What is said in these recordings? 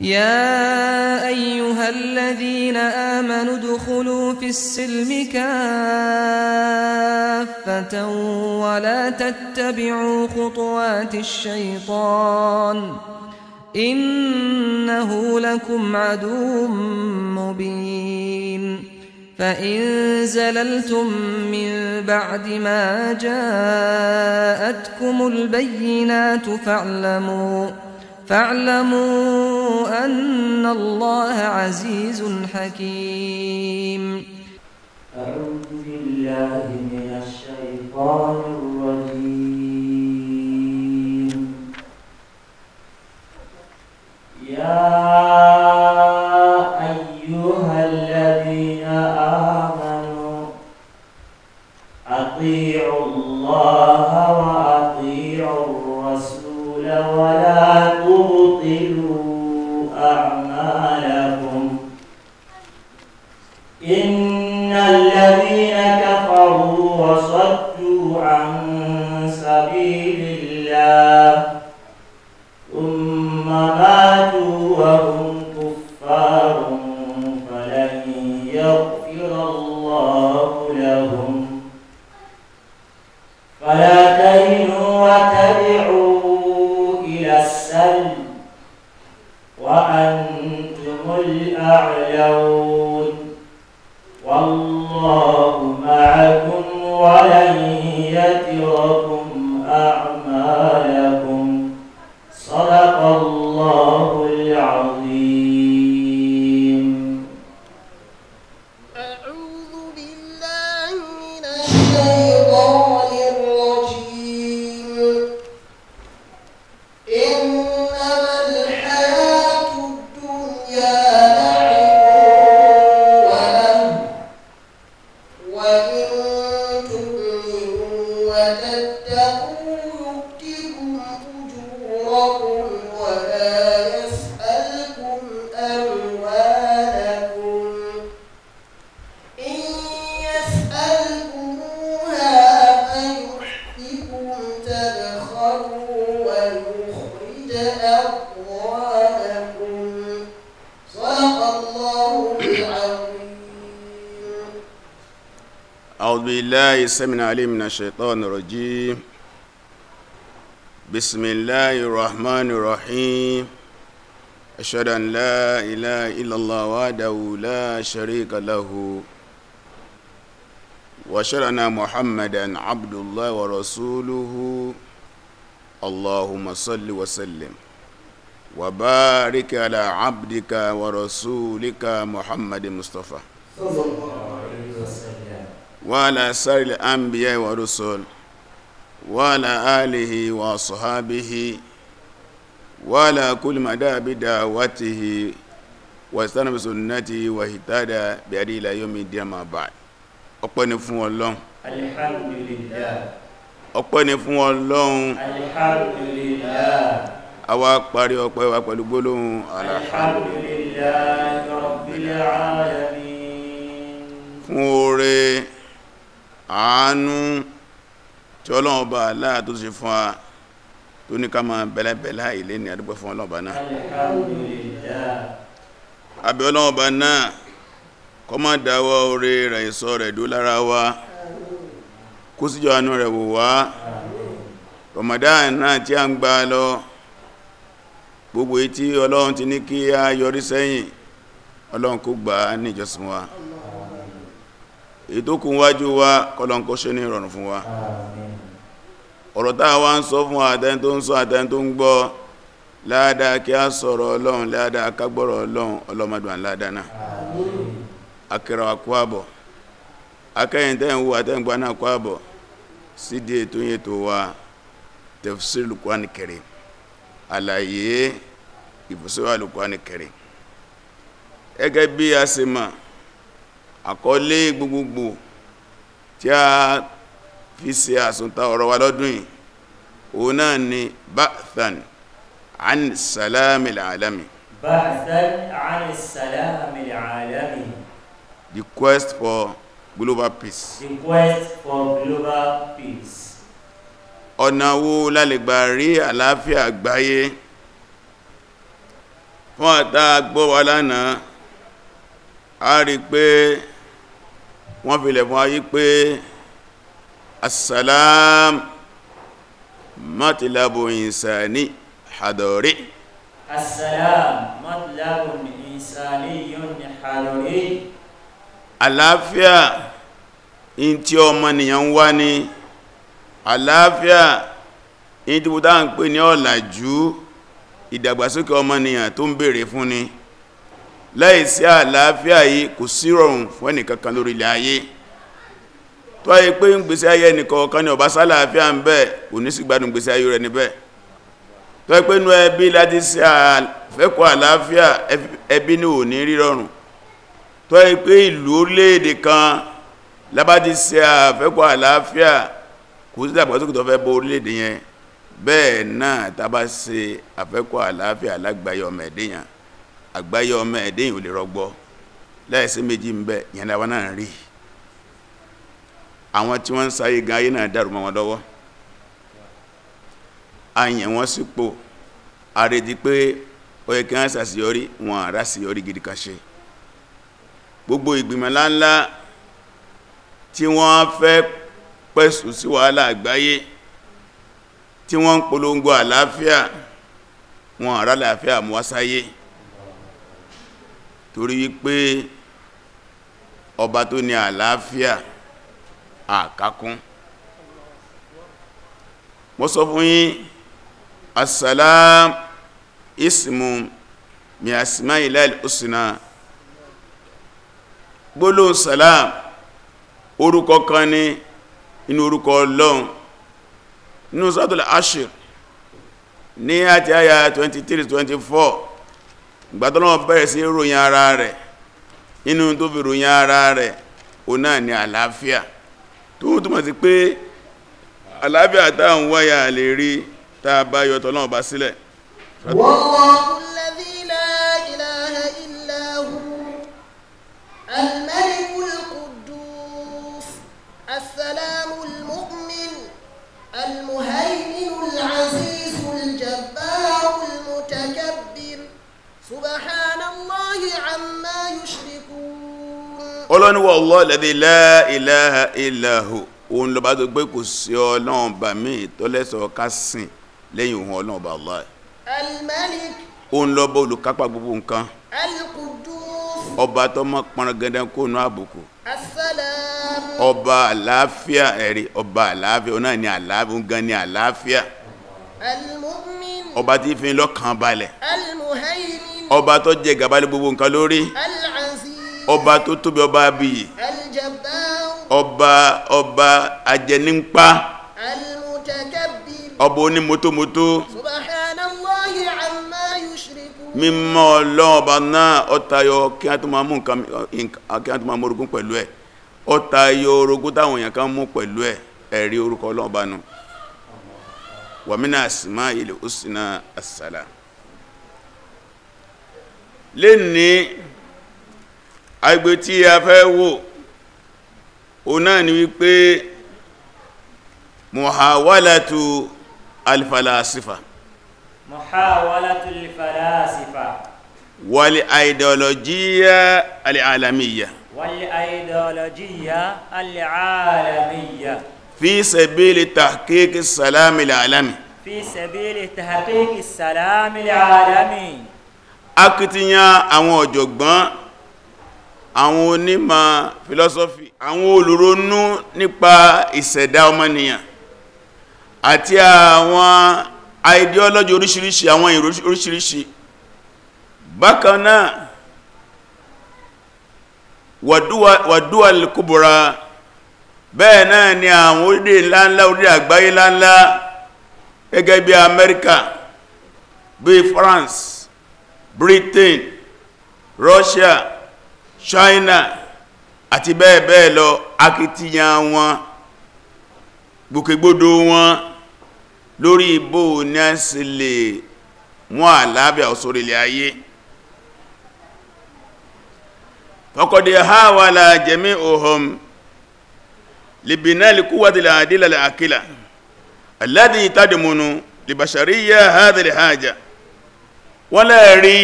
يا ايها الذين امنوا ادخلوا في السلم كافه ولا تتبعوا خطوات الشيطان انه لكم عدو مبين فان زللتم من بعد ما جاءتكم البينات فاعلموا فاعلموا أن الله عزيز حكيم أعوذ بالله من الشيطان الرجيم يا وأنتم الأعيون والله معكم ولن يتركم بالله السميع العليم من الشيطان الرجيم بسم الله الرحمن الرحيم أشهد أن لا إله إلا الله وحده لا شريك له وأشهد أن محمدا عبد الله ورسوله اللهم صل وسلم وبارك على عبدك ورسولك محمد مصطفى صلى الله وعلى سائر الأنبياء والرسل وعلى آله وصحابه وعلى كل مدى بدعوته واستنى بسنته واهتدى بهدي إلى يوم الدين ما بعد ọpẹ́ ni fún Ọlọ́run alhamdulillah ọpẹ́ ni fún Ọlọ́run alhamdulillah àwa parí ọpẹ́ wa pẹ̀lú gbólóhùn alhamdulillah rabbil alamin fún oore àánú tí ọlọ́run ọba aláà tó ṣe fún a tó ní ká máa ilé ní àdúgbò fún ọba náà abẹ́ ọba náà kó má dáwọ́ oore rẹ̀ ìsọ rẹ̀ dó lára wa kó síjọ rẹ̀ wò a ń lọ gbogbo èyí ọlọ́run ti ní kí a yọrí sẹ́yìn ìtókùn wájú wa kọlọ̀nkó ṣe ní ìrọ̀rùn fún wa ọ̀rọ̀ táà wá ń sọ fún àtẹ́ tó ń sọ àtẹ́ tó ń gbọ́ kí a sọ̀rọ̀ ọlọ́run láàdáa kágbọ́rọ̀ ọlọ́run ọlọ́mọdún aládánà náà àkọlé gbogbogbò tí a fi ṣe àsùntà ọ̀rọ̀ wa lọ́dún yìí òun náà ni ba'than an salamil alami ba'than an salamil alami the quest for global peace the quest for global peace ọ̀nà wo la lè gbà rí àlàáfíà àgbáyé fún àtàgbọ́ lánàá a rí pé wọ́n fi lẹ̀ fún ayé pé assalam matlabu insani hadori assalam matlabu insani yun hadori àlàáfíà in tí ọmọnìyàn wá ní àlàáfíà in tí bùdá ń pè ní ọ̀làjú ìdàgbàsókè ọmọnìyàn tó ń bèèrè fún ni láìsí àlàáfíà yìí kò sí rọrùn fún ẹnìkankan lórí ilẹ̀ ayé tó ayé pé ń gbèsè ayé ẹnìkọ̀ọ̀kan ni ọba sálàáfíà ń bẹ kò ní sí gbádùn gbèsè ayé rẹ̀ níbẹ̀ tó ayé pé nú ẹbí láti sí àfẹ́kọ̀ àlàáfíà ẹbí ní ò ní rírọrùn tó ayé pé ìlú orílẹ̀-èdè kan lábájí sí àfẹ́kọ̀ àlàáfíà kò sí ìdàgbàsókè tó fẹ́ bọ orílẹ̀-èdè yẹn bẹ́ẹ̀ náà tàbá sí àfẹ́kọ̀ àlàáfíà lágbàáyé ọmọ àgbáyé ọmọ ẹ̀dẹ́yìn ò lè rọgbọ láìsí méjì ń bẹ yẹn láwa náà rí àwọn tí wọ́n ń sáyé gan ayé náà dàrú mọ́ wọn lọ́wọ́ a yàn wọ́n sípò a retí pé ó yẹ kí wọ́n ṣàṣeyọrí wọn àrá ṣeyọrí gidi kan ṣe gbogbo ìgbìmọ̀ láńlá tí wọ́n fẹ́ pẹ̀sù sí wàhálà àgbáyé tí wọ́n ń polongo àlàáfíà wọn àrá àlàáfíà mú wá sáyé torí wípé ọba tó ní àlàáfíà àkákún mo sọ fún yín assalam ismu mi asima ilal usna gbólóhùn salam orúkọ kan ní inú orúkọ ọlọ́run nínú suratul ashir ní àti àyà 23-24 ìgbàtọ́lọ́wọ́ bẹ̀rẹ̀ sí ròyìn ara rẹ̀ inú tó fi ròyìn ara rẹ̀ o náà ni àlàáfíà tó ń túnmọ̀ sí pé àlàáfíà táà ń wáyà lè rí tàà bá yọ tọ́lọ́wọ́ bá sílẹ̀ Wallahu سبحان الله عما يشركون ọlọ́ni wọ Allah alladhi la ilaha illa hu òun lọ bá tó gbé kò sí ọlọ́run bà mí tọ́lẹ́sọ̀ ká sìn lẹ́yìn òun ọlọ́run bà Allah al-malik òun lọ bọ́ olùkápá gbogbo nǹkan al-quddus ọba tó mọ́ pọnrán gẹ́gẹ́ kó nú àbùkù as-salam ọba àlàáfíà ẹ̀rí ọba àlàáfíà òun náà ni àlàáfíà òun gan ni àlàáfíà al-mu'min ọba tí fi lọ́kàn balẹ̀ al-muhaymin ọba tó jẹ gàbálé gbogbo nǹkan lórí ọba tó tóbi ọba abìyì ọba ọba ajẹnípa ọba ọba náà ọtayọ kí a tó máa mú nǹkan orogún pẹ̀lú ẹ̀ ọtayọ orogún táwọn èèyàn kan mú pẹ̀lú ẹ̀ ẹ̀rí orúkọ lè ní agbé tí a fẹ́ wò o náà ni wípé muhawalatu alfalasifa muhawalatu alfalasifa wal ideologiya al'alamiya wal ideologiya al'alamiya fi sabili tahqiqi salami al'alami fi sabili tahqiqi salami al'alami akitiyan àwọn ọ̀jọ̀gbọ́n àwọn onímọ̀ filosofi àwọn olùronú nípa ìṣẹ̀dá ọmọnìyàn àti àwọn ideology oríṣiríṣi àwọn èrò oríṣiríṣi bákan náà wàdúwà kúbùra bẹ́ẹ̀ náà ni àwọn orílẹ̀ ńláńlá orílẹ̀ àgbáyé ńláńlá gẹ́gẹ́ bí Amẹ́ríkà bí France Britain Russia China àti bẹ́ẹ̀ bẹ́ẹ̀ lọ akitiyan wọn gbòkègbodò wọn lórí ìbò ní a sì lè mú àlàáfíà òsòrò ilẹ̀ ayé faqad hawala jami'uhum libinali quwwati al-adila al-aqila alladhi tadmunu libashariyya wọ́n lẹ́ẹ̀rí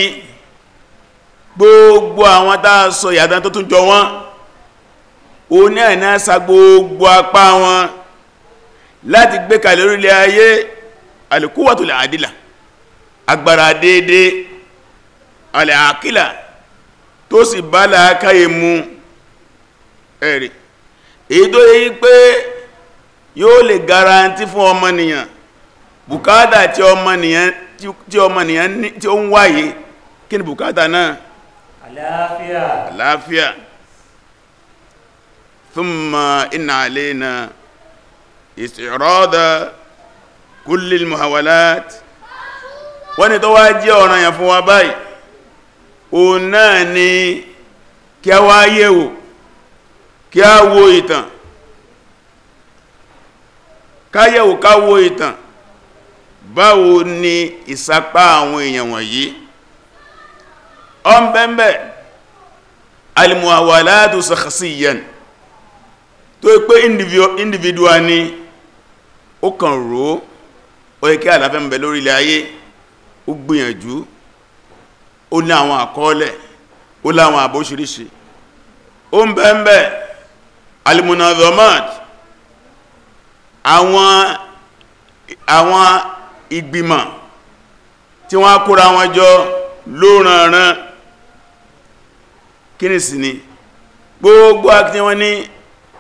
gbogbo àwọn tá a sọ ìyàdán tó tún jọ wọ́n o ní àìná sa gbogbo apá wọn láti gbé kalẹ̀ orílẹ̀ ayé alìkúwàtò àdílà agbára déédé alẹ́ àkílà tó sì bá làákàyè mu ẹ̀rì èyí tó yẹ pé yóò lè garanti fún ọmọnìyàn bùkádà tí ọmọnìyàn tí ọmọnìyàn tí ó ń wáyé kí ni bùkátà náà àlàáfíà àlàáfíà thumma inna alayna istirada kulli almuhawalat wọ́n ni tó wá jẹ́ ọ̀ranyàn fún wa báyìí òun náà ni kí a wá yẹ̀wò kí a wo ìtàn ká yẹ̀wò ká wo ìtàn báwo ni ìsapá àwọn èèyàn wọ̀nyí ọmọbẹ̀mẹ̀ alimuawaladu sakhasiyan tó pé individual ni ó kàn rò ó yẹ kí àlàáfẹ́ ń bẹ lórí ilẹ̀ ayé ó gbìyànjú ó ní àwọn àkọọ́lẹ̀ ó láwọn àbóṣiríṣi ó ń bẹ́ ń àwọn ìgbìmọ̀ tí wọ́n kóra wọn jọ lóòrànràn kínìsì ni gbogbo akíní wọn ní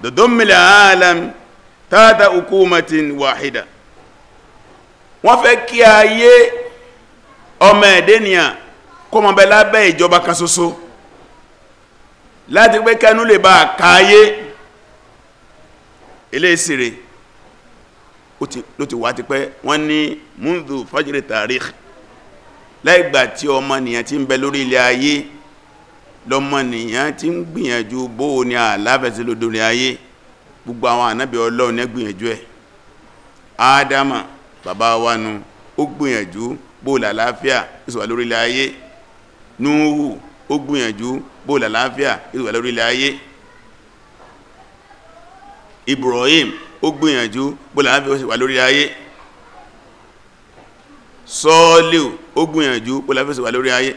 dọ̀dọ́mìlẹ̀ alam tata hukumatin wahida wọ́n fẹ́ kí ayé ọmọ ẹ̀dẹ́nìyàn kó mọ̀ bẹ lábẹ́ ìjọba kan ṣoṣo láti pé kẹnu lè bá káyé ilé ìsìnrìn ló ti wà ti pẹ́ wọ́n ní mundu fajiri tarikh láìgbà tí ọmọnìyàn ti ń bẹ lórí ilẹ̀ ayé lọmọnìyàn ti ń gbìyànjú bó ní àláfẹ́sí lódórí ayé gbogbo àwọn ànábì ọlọ́run ní gbìyànjú ẹ̀ ádámà bàbá wa nu ó gbìyànjú bó làláfíà ìsùwà lórí ilẹ̀ ayé núhù ó gbìyànjú bó làláfíà ìsùwà lórí ilẹ̀ ayé ibrahim ó gbìyànjú bóòlà náà fi ó sì wà lórí ayé sọ́ọ́lẹ̀ ó gbìyànjú bóòlà fi ó sì wà lórí ayé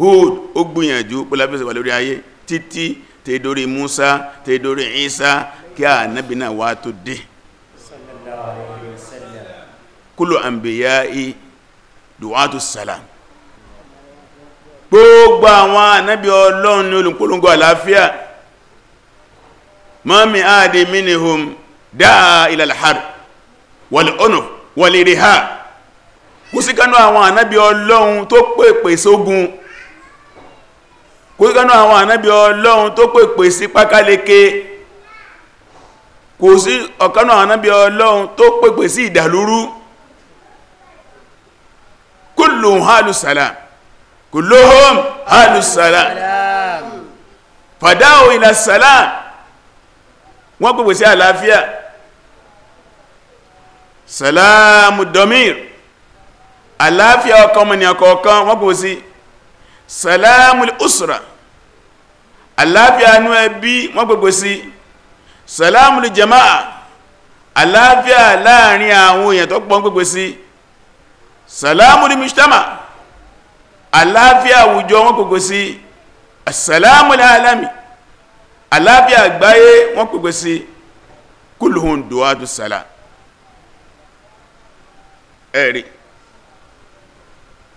Hud ó gbìyànjú bóòlà fi ó sì wà lórí ayé títí tèdórí Musa tèdórí Isa kí ànábì náà wá tó dé kúlò àmbèyà i duwatu salam gbogbo àwọn ànábì Ọlọ́run ní olùpolongo àlàáfíà mọ́mí ààdì mínihùn dáa ìlàlhàr wàl'ọ́nà wàl'ìrìhà kú sí kánú àwọn ànábí ọlọ́run tó pèpè sógun kú sí kánú àwọn ànábí ọlọ́run tó pèpè sí pákáleke kò sí ọ̀kánú àwọn ànábí ọlọ́run tó pèpè sí ìdàlúrú kulluhum halusalam kulluhum halusalam ila salam wọ́n pèpè sí àlàáfíà salamu domir àlàáfíà ọkàn ọmọnìyàn kọ̀ọ̀kan wọ́n pèpè sí salamu usra àlàáfíà inú ẹbí wọ́n pèpè sí salamu jama'a àlàáfíà láàrin àwọn èèyàn tó pọ̀ pèpè sí salamu mujtama àlàáfíà àwùjọ wọ́n pèpè sí salamu alami al àlàáfíà àgbáyé wọ́n pèpè sí kúlùhùn dùwádù sàlá ẹ̀rí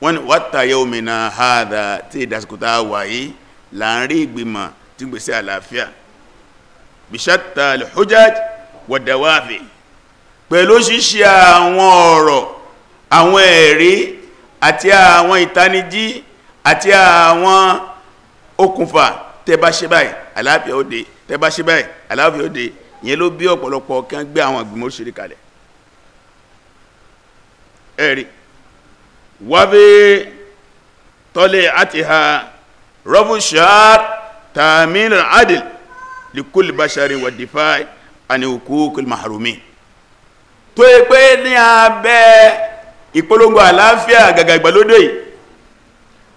wọ́n ni wátàyẹ òmìnà àádà tí ìdásíkòtà wáyé láàrin ìgbìmọ̀ tí gbèsè àlàáfíà bishata alhujaj wadawafi pẹ̀lú ṣíṣe àwọn ọ̀rọ̀ àwọn ẹ̀rí àti àwọn ìtanijí àti àwọn okùnfà tẹ́ bá ṣe báyìí àlàáfíà ó dé tẹ́ bá ṣe báyìí àlàáfíà ó dé ìyẹn ló bí ọ̀pọ̀lọpọ̀ kan gbé àwọn àgbìmọ̀ òṣèré kalẹ̀ ẹ̀rí wábí tọ́lẹ̀ àti ha rọ́fúnṣàr tààmìnà adìl likul bashari wa difa ani hukukul mahrumi tó yẹ pé ní abẹ́ ìpolongo àlàáfíà gàgàgbàlódé yìí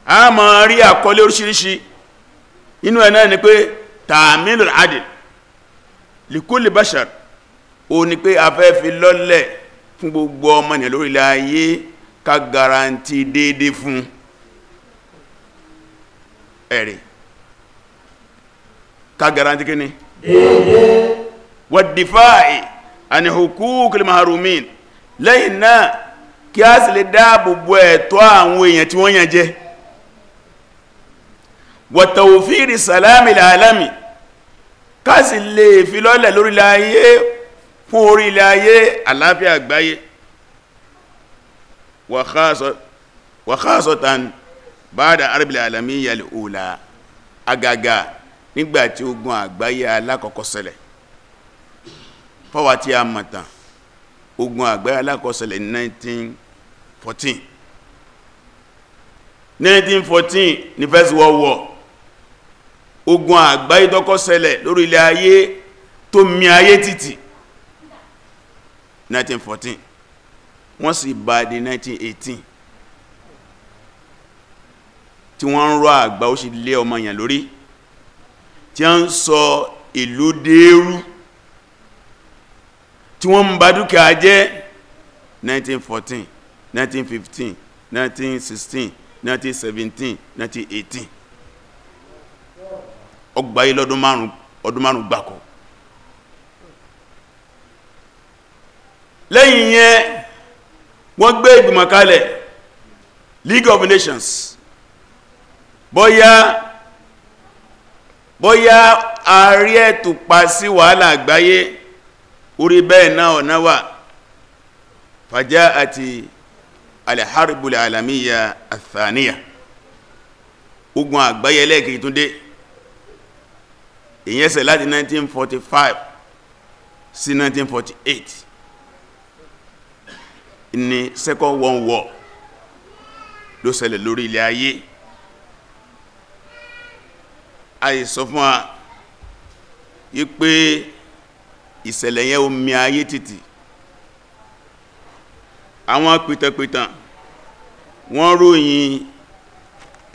a máa rí àkọlé oríṣiríṣi inú ẹ̀ náà ni pé tààmìlù adìl likuli bashar ó ní pé a fẹ́ fi lọ́lẹ̀ fún gbogbo ọmọ ènìyàn lórílẹ̀ ayé ká garanti déédé fún ẹ̀rẹ̀ ká garanti kíní déédé wàdífáì àni hukukul maharumin lẹ́yìn náà kí a sì lè dáàbò bo ẹ̀tọ́ àwọn èèyàn tí wọ́n yàn jẹ́ wa tawfiri salami alami káàsì lè fi lọ́lẹ̀ lórílẹ̀ ayé fún orílẹ̀ ayé àlàáfíà àgbáyé wa khasatan ba'da arbil alamiyya al-ula agaga nígbàtí ogun àgbáyé alákọ̀ọ́kọ́ ṣẹlẹ̀ a mọ̀tàn ogun àgbáyé alákọ̀ọ́kọ́ 1914 1914 ni First World War ogun àgbáyé tọ́kọ́ ṣẹlẹ̀ lórí ilẹ̀ ayé tó mi ayé títì 1914 wọ́n sì bá di 1918 tí wọ́n ń rọ àgbà ó sì lé ọmọ èèyàn lórí tí a ń sọ ìlú dẹ́rú tí wọ́n ń ba dúkìá jẹ́ 1914 1915 1916 1917 1918 ọgbà yìí lọ́dún márùn ọdún márùn gbàkọ̀ lẹ́yìn yẹn wọ́n gbé ìgbìmọ̀ kalẹ̀ League of Nations bọ́yá bọ́yá ààrẹ ẹ̀tùpa sí wàhálà àgbáyé orí bẹ́ẹ̀ náà ọ̀nà wà fàjá àti alharbul alamiya athaniya ogun àgbáyé lẹ́ẹ̀kì tó dé ìyẹn ṣe láti 1945 sí 1948 ní second world war ló ṣẹlẹ̀ lórí ilẹ̀ ayé àìsọ fún wa wípé ìṣẹ̀lẹ̀ yẹn omi ayé títì àwọn pìtàpìtàn wọ́n ròyìn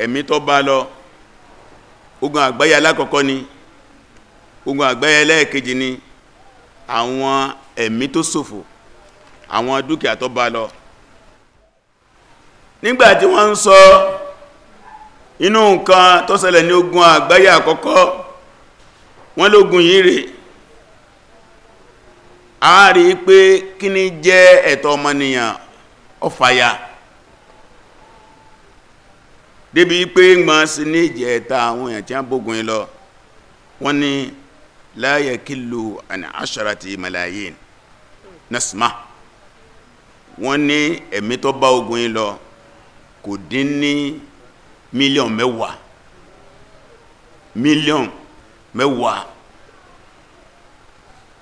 ẹ̀mí tó bá lọ ogun àgbáyé alákọ̀ọ́kọ́ ni ogun àgbáyé lẹ́ẹ̀kejì ni àwọn ẹ̀mí tó ṣòfò àwọn dúkìá tó bá lọ nígbàtí wọ́n ń sọ inú nǹkan tó ṣẹlẹ̀ ní ogun àgbáyé àkọ́kọ́ wọ́n lógun yìí rèé a rí pé kí ní jẹ́ ẹ̀tọ́ ọmọnìyàn ọfàyà débi pé gbọ́n sí ní ìjẹta àwọn èèyàn tí a bógun lọ wọ́n ní la yakillu an asharati malayin nasma wọ́n ní ẹ̀mí tó bá ogun yìí lọ kò dín ní mílíọ̀n mẹ́wàá mílíọ̀n mẹ́wàá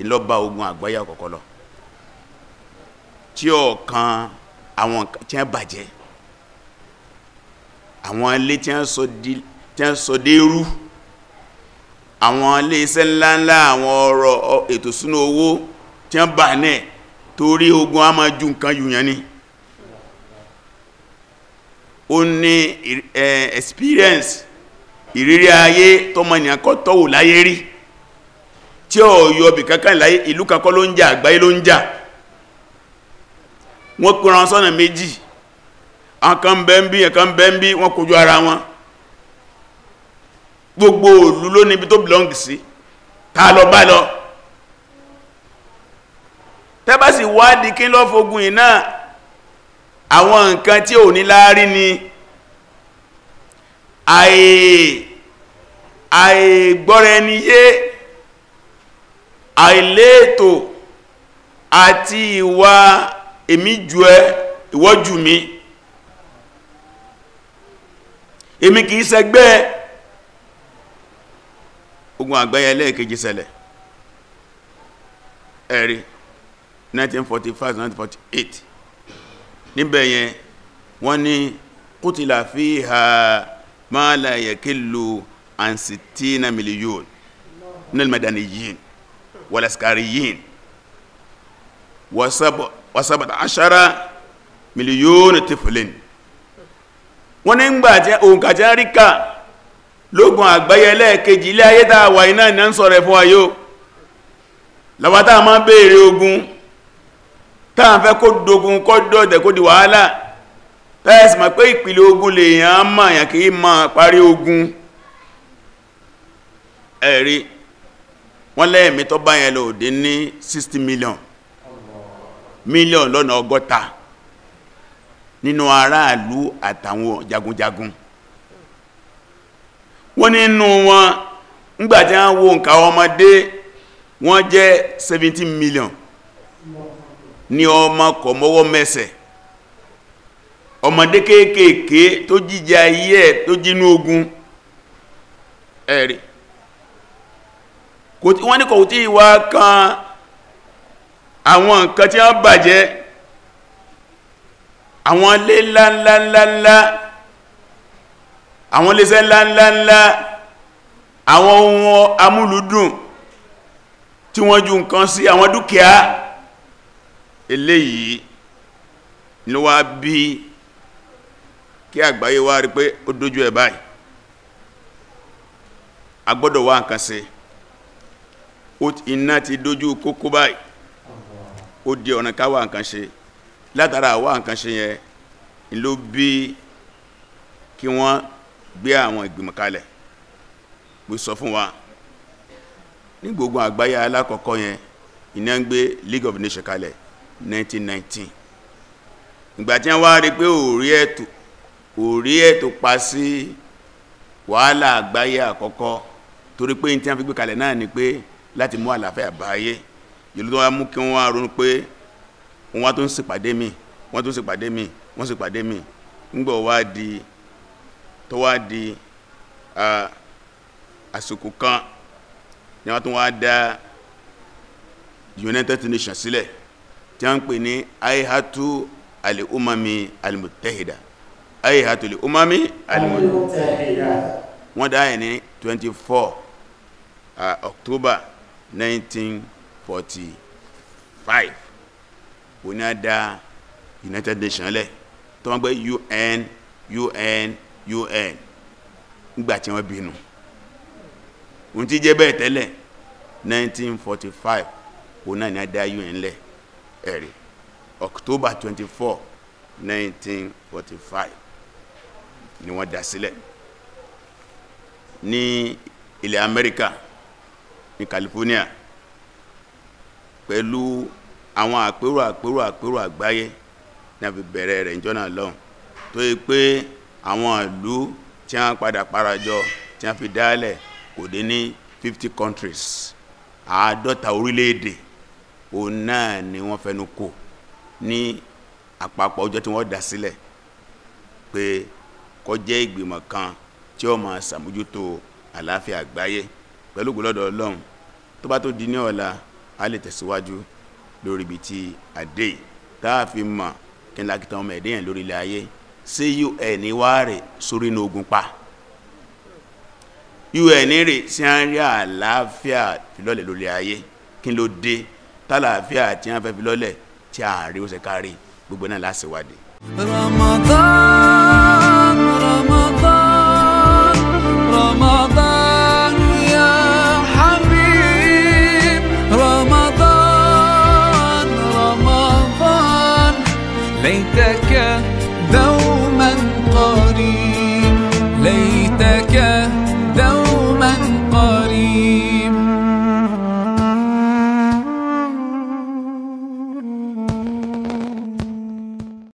ìlọ́ba ogun àgbáyé àkọ́kọ́ lọ tí ọ̀kan àwọn tí wọ́n bàjẹ́ àwọn ilé tí wọ́n sọ dé rú so àwọn ilé iṣẹ́ ńláńlá àwọn ọ̀rọ̀ ètò súnú owó tí wọ́n bà náà torí ogun a máa ju nǹkan yùyàn ni ó ní experience ìrírí ayé tọ́mọ ènìyàn kọ́ tọ́wò láyé rí tí ó yọ bì kankan láyé ìlú kankan ló ń jà àgbáyé ló ń jà wọ́n kóra sọ́nà méjì àwọn kan bí àwọn kan bí wọ́n kojú ara wọn gbogbo òlú ló níbi tó belong sí ta lọ bá lọ tẹ́bá sì wádìí kí ló fogun ìná àwọn nǹkan tí ò ní láárí ni àìgbọ́rẹniyé àìléètò àti ìwà èmi jù ẹ́ ìwọ jù kìí ṣẹgbẹ́ ẹ̀ ogun àgbáyé lẹ́ẹ̀kejì ṣẹlẹ̀ ẹ̀rí 1945-1948 níbẹ̀ yẹn wọ́n ní kútìlà fi ha máa láyẹ̀ kí lò àǹsìtínà mílíọ̀n nílmẹ̀dàní yìí wàlẹ̀sìkàrí yìí wàsábàtà àṣára mílíọ̀n tìfìlìn wọ́n ní ń gbà jẹ́ òǹkà ríkà lógun àgbáyé lẹ́ẹ̀kejì ilé ayé tàà wà iná ìná ń sọ̀rẹ̀ fún ayó lọ́wọ́tà ma ń bèèrè ogun táà ń fẹ́ kó dogun kó dọ̀dẹ̀ kó di wàhálà tẹ́ẹ̀sì ma pé ìpìlẹ̀ ogun lè yàn á mà yàn kìí ma parí ogun ẹ̀rí wọ́n lẹ́ẹ̀mí tó bá yẹn lòdí ní 60 million million lọ́nà ọgọ́ta nínú aráàlú àtàwọn jagunjagun jagun. nínú wọn ngbàtí a wo nǹka ọmọdé wọ́n jẹ́ 17 million ní ọmọ kọ̀mọ́wọ́ mẹ́sẹ̀ ọmọdé kéèkèé tó jíjẹ ayé ẹ̀ tó jínú ogun ẹ̀rì wọ́n ní kò tí ìwá kan àwọn nǹkan tí wọ́n bàjẹ́ àwọn lé àwọn iléeṣẹ́ ńláńláńlá àwọn ohun amúlùdùn tí wọ́n ju nǹkan sí àwọn dúkìá eléyìí ló wá bí kí àgbáyé wá rí pé ó dójú ẹ̀ báyìí a gbọ́dọ̀ wá nǹkan ṣe iná ti dójú kókó báyìí ó di ọ̀nà ká nǹkan ṣe látara wá nǹkan ṣe yẹn ló bí kí wọ́n gbé àwọn ìgbìmọ̀ kalẹ̀ pé sọ fún wa ní gbogbo àgbáyé alákọ̀ọ́kọ́ yẹn iná ń gbé League of Nations kalẹ̀ 1919 ìgbà tí wọ́n wá rí pé òrí ẹ̀tò òrí ẹ̀tò pa sí wàhálà àgbáyé àkọ́kọ́ torí pé ní tí wọ́n fi gbé kalẹ̀ náà ni pé láti mú àlàáfíà báyé ìlú tó wá mú kí wọ́n ronú pé wọ́n tó ń ṣèpàdé mi wọ́n tó ń ṣèpàdé mi wọ́n ṣèpàdé mi ń gbọ́ wá di tó wá di àsìkò kan ni wọ́n tún wá dá United Nations sílẹ̀ tí a ń pè ní aihatu al'umami al-muttahida aihatu al'umami al-muttahida wọ́n dáyẹ ní 24 October 1945 wọ́n ni a United Nations lẹ̀ tó wọ́n gbé UN UN UN nígbà tí bínú ohun tí jẹ́ 1945 òun náà a UN lẹ̀ ẹ̀rì October 24 1945 ni wọ́n dá sílẹ̀ ní ilẹ̀ Amẹ́ríkà ní California pẹ̀lú àwọn àpérò àpérò àpérò àgbáyé ní a fi bẹ̀rẹ̀ rẹ̀ lọ́hùn tó yẹ pé àwọn ìlú tí wọ́n padà parajọ tí wọ́n fi dálẹ̀ kò dé ní 50 countries àádọ́ta orílẹ̀-èdè òun náà ni wọ́n fẹnu kò ní àpapọ̀ ọjọ́ tí wọ́n dá sílẹ̀ pé kó jẹ́ ìgbìmọ̀ kan tí ó máa ṣàmójútó àlàáfíà àgbáyé pẹ̀lú gbọ́lọ́dọ̀ ọlọ́run tó bá tó di ní ọ̀la a lè tẹ̀síwájú lórí ibi tí àdé tá a fi mọ̀ kí n lákìtàn ọmọ ẹ̀dẹ́yàn lórí ilẹ̀ ayé ṣé un wá rè sórí inú ogun pa un rè sí à ń rí àlàáfíà filọ́lẹ̀ lórí ayé kí ló dé tálàáfíà tí wọ́n fẹ́ filọ́lẹ̀ tí a rí ó ṣe kárí gbogbo náà láṣìwádìí. Ramadan